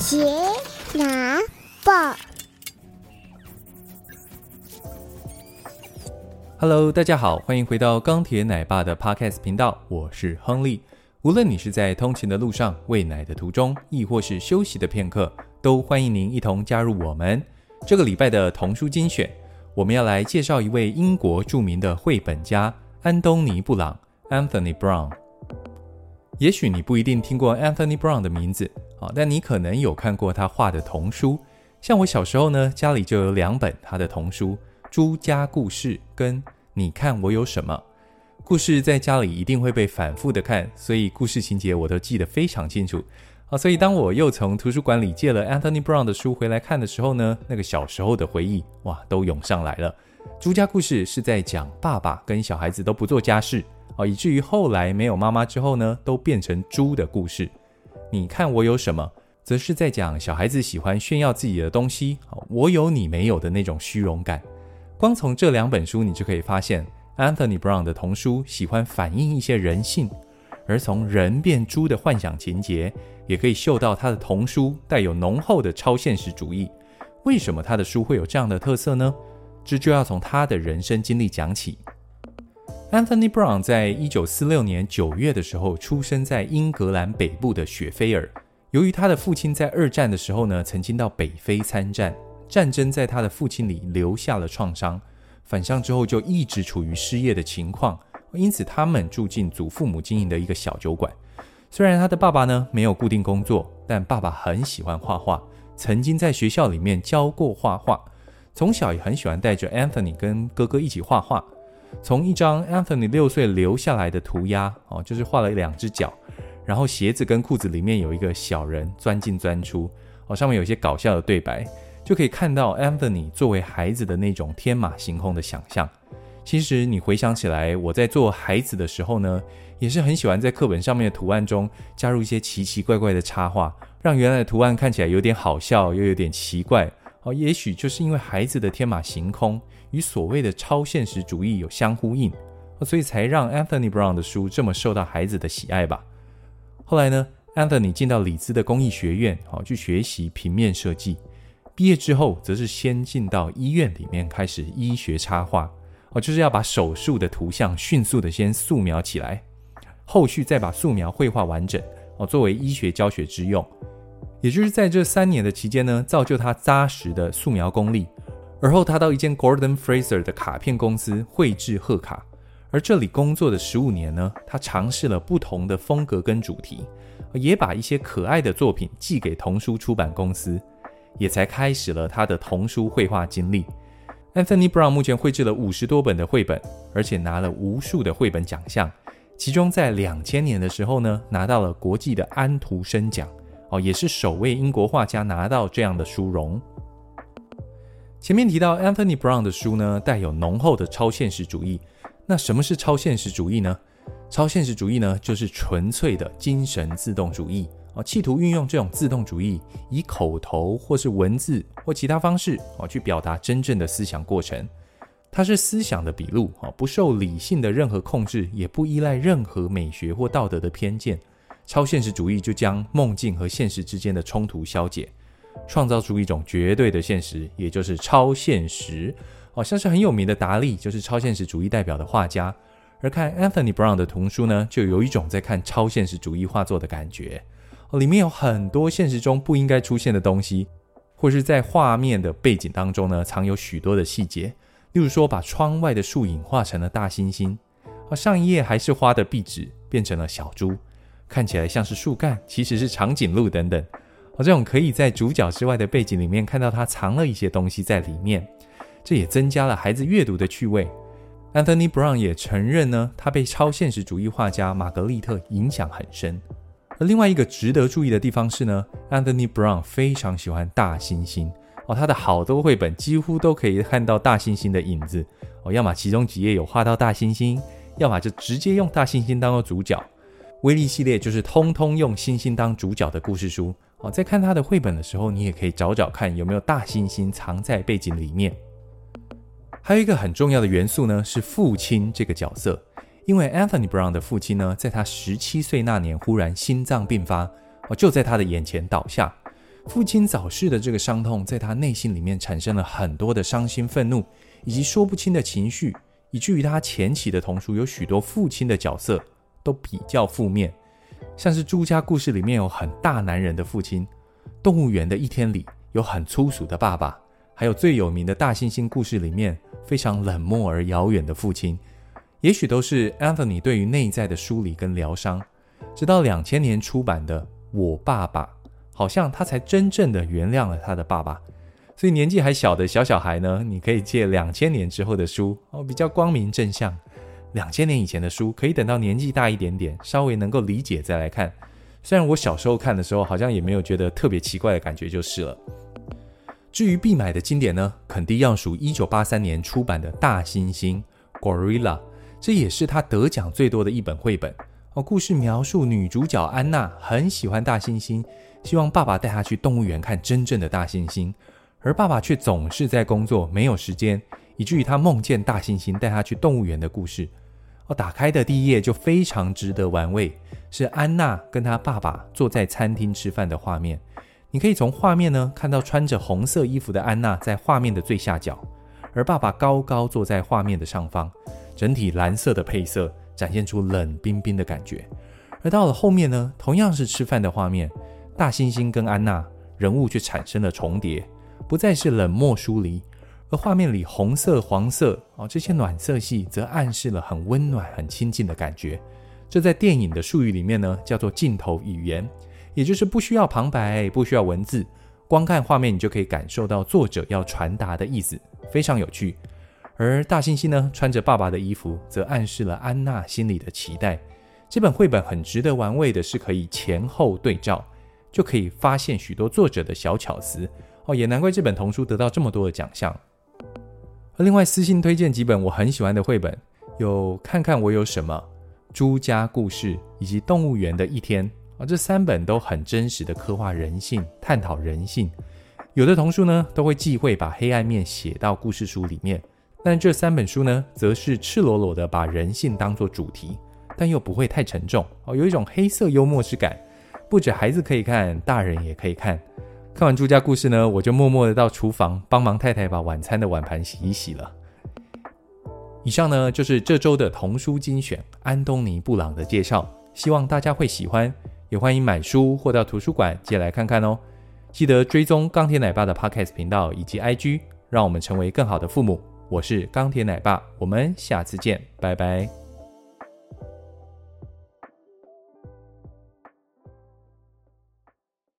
傑拿報，Hello，大家好，歡迎回到鋼鐵奶爸的 Podcast 頻道，我是亨利。無論你是在通勤的路上、餵奶的途中，亦或是休息的片刻，都歡迎您一同加入我們。這個禮拜的童書精選，我們要來介紹一位英國著名的繪本家安東尼布朗 （Anthony Browne）。也許你不一定聽過 Anthony Browne 的名字。啊，但你可能有看過他畫的童書，像我小時候呢，家裡就有兩本他的童書《朱家故事》跟《你看我有什麼》。故事在家裡一定會被反復的看，所以故事情節我都記得非常清楚。啊，所以當我又從圖書館裡借了 Anthony Browne 的書回來看的時候呢，那個小時候的回憶哇，都湧上來了。《朱家故事》是在講爸爸跟小孩子都不做家事啊，以至於後來沒有媽媽之後呢，都變成豬的故事。你看我有什麼，則是在講小孩子喜歡炫耀自己的東西。我有你沒有的那種虛榮感。光從這兩本書，你就可以發現，Anthony Browne 的童書喜歡反映一些人性，而從人變豬的幻想情節，也可以嗅到他的童書帶有濃厚的超現實主義。為什麼他的書會有這樣的特色呢？這就要從他的人生經歷講起。Anthony Browne 在一九四六年九月的時候出生在英格蘭北部的雪菲爾。由於他的父親在二戰的時候呢，曾經到北非參戰，戰爭在他的父親裡留下了創傷。返鄉之後就一直處於失業的情況，因此他們住進祖父母經營的一個小酒館。雖然他的爸爸呢沒有固定工作，但爸爸很喜歡畫畫，曾經在學校裡面教過畫畫，從小也很喜歡帶着 Anthony 跟哥哥一起畫畫。從一張 Anthony 六歲留下來的塗鴉哦，就是畫了兩隻腳，然後鞋子跟褲子裡面有一個小人鑽進鑽出哦，上面有一些搞笑的對白，就可以看到 Anthony 作為孩子的那種天馬行空的想象其實你回想起來，我在做孩子的時候呢，也是很喜歡在課本上面的圖案中加入一些奇奇怪怪的插畫，讓原來的圖案看起來有點好笑，又有點奇怪。哦，也許就是因為孩子的天馬行空與所謂的超現實主義有相呼應，所以才讓 Anthony Browne 的書這麼受到孩子的喜愛吧。後來呢，Anthony 進到里茲的工藝學院，哦，去學習平面設計。畢業之後，則是先進到醫院裡面開始醫學插畫，哦，就是要把手術的圖像迅速的先素描起來，後續再把素描繪畫完整，哦，作為醫學教學之用。也就是在這三年的期間呢，造就他扎實的素描功力。而後他到一間 Gordon Fraser 的卡片公司繪製賀卡，而這裡工作的十五年呢，他嘗試了不同的風格跟主題，也把一些可愛的作品寄給童書出版公司，也才開始了他的童書繪畫經歷。Anthony Browne 目前繪製了五十多本的繪本，而且拿了無數的繪本獎項，其中在兩千年的時候呢，拿到了國際的安徒生獎。哦，也是首位英國畫家拿到這樣的殊榮。前面提到 Anthony Browne 的書呢，帶有濃厚的超現實主義。那什麼是超現實主義呢？超現實主義呢，就是純粹的精神自動主義啊，企圖運用這種自動主義，以口頭或是文字或其他方式啊，去表達真正的思想過程。它是思想的筆錄啊，不受理性的任何控制，也不依賴任何美學或道德的偏見。超現實主義就將夢境和現實之間的衝突消解，創造出一種絕對的現實，也就是超現實。好、哦、像是很有名的達利，就是超現實主義代表的畫家。而看 Anthony Browne 的童書呢，就有一種在看超現實主義畫作的感覺、哦。裡面有很多現實中不應該出現的東西，或是在畫面的背景當中呢，藏有許多的細節。例如說，把窗外的樹影畫成了大猩猩，而、哦、上一頁還是花的壁紙變成了小豬。看起來像是樹幹，其實是長頸鹿等等。哦，這種可以在主角之外的背景裡面看到它藏了一些東西在裡面，這也增加了孩子閱讀的趣味。Anthony Browne 也承認呢，他被超現實主義畫家瑪格麗特影響很深。而另外一個值得注意的地方是呢，Anthony Browne 非常喜歡大猩猩哦，他的好多繪本幾乎都可以看到大猩猩的影子哦，要麼其中幾頁有畫到大猩猩，要麼就直接用大猩猩當做主角。威力系列就是通通用猩猩當主角的故事書。好，在看他的繪本的時候，你也可以找找看有沒有大猩猩藏在背景裡面。還有一個很重要的元素呢，是父親這個角色，因為 Anthony Brown 的父親呢，在他十七歲那年忽然心臟病發就在他的眼前倒下。父親早逝的這個傷痛，在他內心裡面產生了很多的傷心、憤怒以及說不清的情緒，以至於他前期的童書有許多父親的角色。都比較負面，像是朱家故事裡面有很大男人的父親，動物園的一天裡有很粗俗的爸爸，還有最有名的大猩猩故事裡面非常冷漠而遙遠的父親，也許都是 Anthony 對於內在的梳理跟療傷。直到兩千年出版的《我爸爸》，好像他才真正的原諒了他的爸爸。所以年紀還小的小小孩呢，你可以借兩千年之後的書哦，比較光明正向。兩千年以前的書，可以等到年紀大一點點，稍微能夠理解再來看。雖然我小時候看的時候，好像也沒有覺得特別奇怪的感覺，就是了。至於必買的經典呢，肯定要數一九八三年出版的《大猩猩》（Gorilla），這也是他得獎最多的一本繪本哦。故事描述女主角安娜很喜歡大猩猩，希望爸爸帶她去動物園看真正的大猩猩，而爸爸卻總是在工作，沒有時間。以至於他夢見大猩猩帶他去動物園的故事。哦,打開的第一頁就非常值得玩味，是安娜跟她爸爸坐在餐廳吃飯的畫面。你可以從畫面呢看到穿着紅色衣服的安娜在畫面的最下角，而爸爸高高坐在畫面的上方。整體藍色的配色展現出冷冰冰的感覺。而到了後面呢，同樣是吃飯的畫面，大猩猩跟安娜人物卻產生了重疊，不再是冷漠疏離。而畫面裡紅色、黃色哦，這些暖色系則暗示了很溫暖、很親近的感覺。這在電影的術語裡面呢，叫做鏡頭語言，也就是不需要旁白、不需要文字，光看畫面你就可以感受到作者要傳達的意思，非常有趣。而大猩猩呢，穿着爸爸的衣服，則暗示了安娜心裡的期待。這本繪本很值得玩味的是，可以前後對照，就可以發現許多作者的小巧思哦，也難怪這本童書得到這麼多的獎項。另外，私信推薦幾本我很喜歡的繪本，有《看看我有什麼》《朱家故事》以及《動物園的一天》啊，這三本都很真實的刻畫人性，探討人性。有的童書呢，都會忌諱把黑暗面寫到故事書裡面，但這三本書呢，則是赤裸裸的把人性當做主題，但又不會太沉重哦，有一種黑色幽默之感，不止孩子可以看，大人也可以看。看完朱家故事呢，我就默默的到廚房幫忙太太把晚餐的碗盤洗一洗了。以上呢，就是這週的童書精選，安東尼布朗的介紹，希望大家會喜歡，也歡迎買書或到圖書館借來看看哦。記得追蹤鋼鐵奶爸的 Podcast 頻道以及 IG，讓我們成為更好的父母。我是鋼鐵奶爸，我們下次見，拜拜。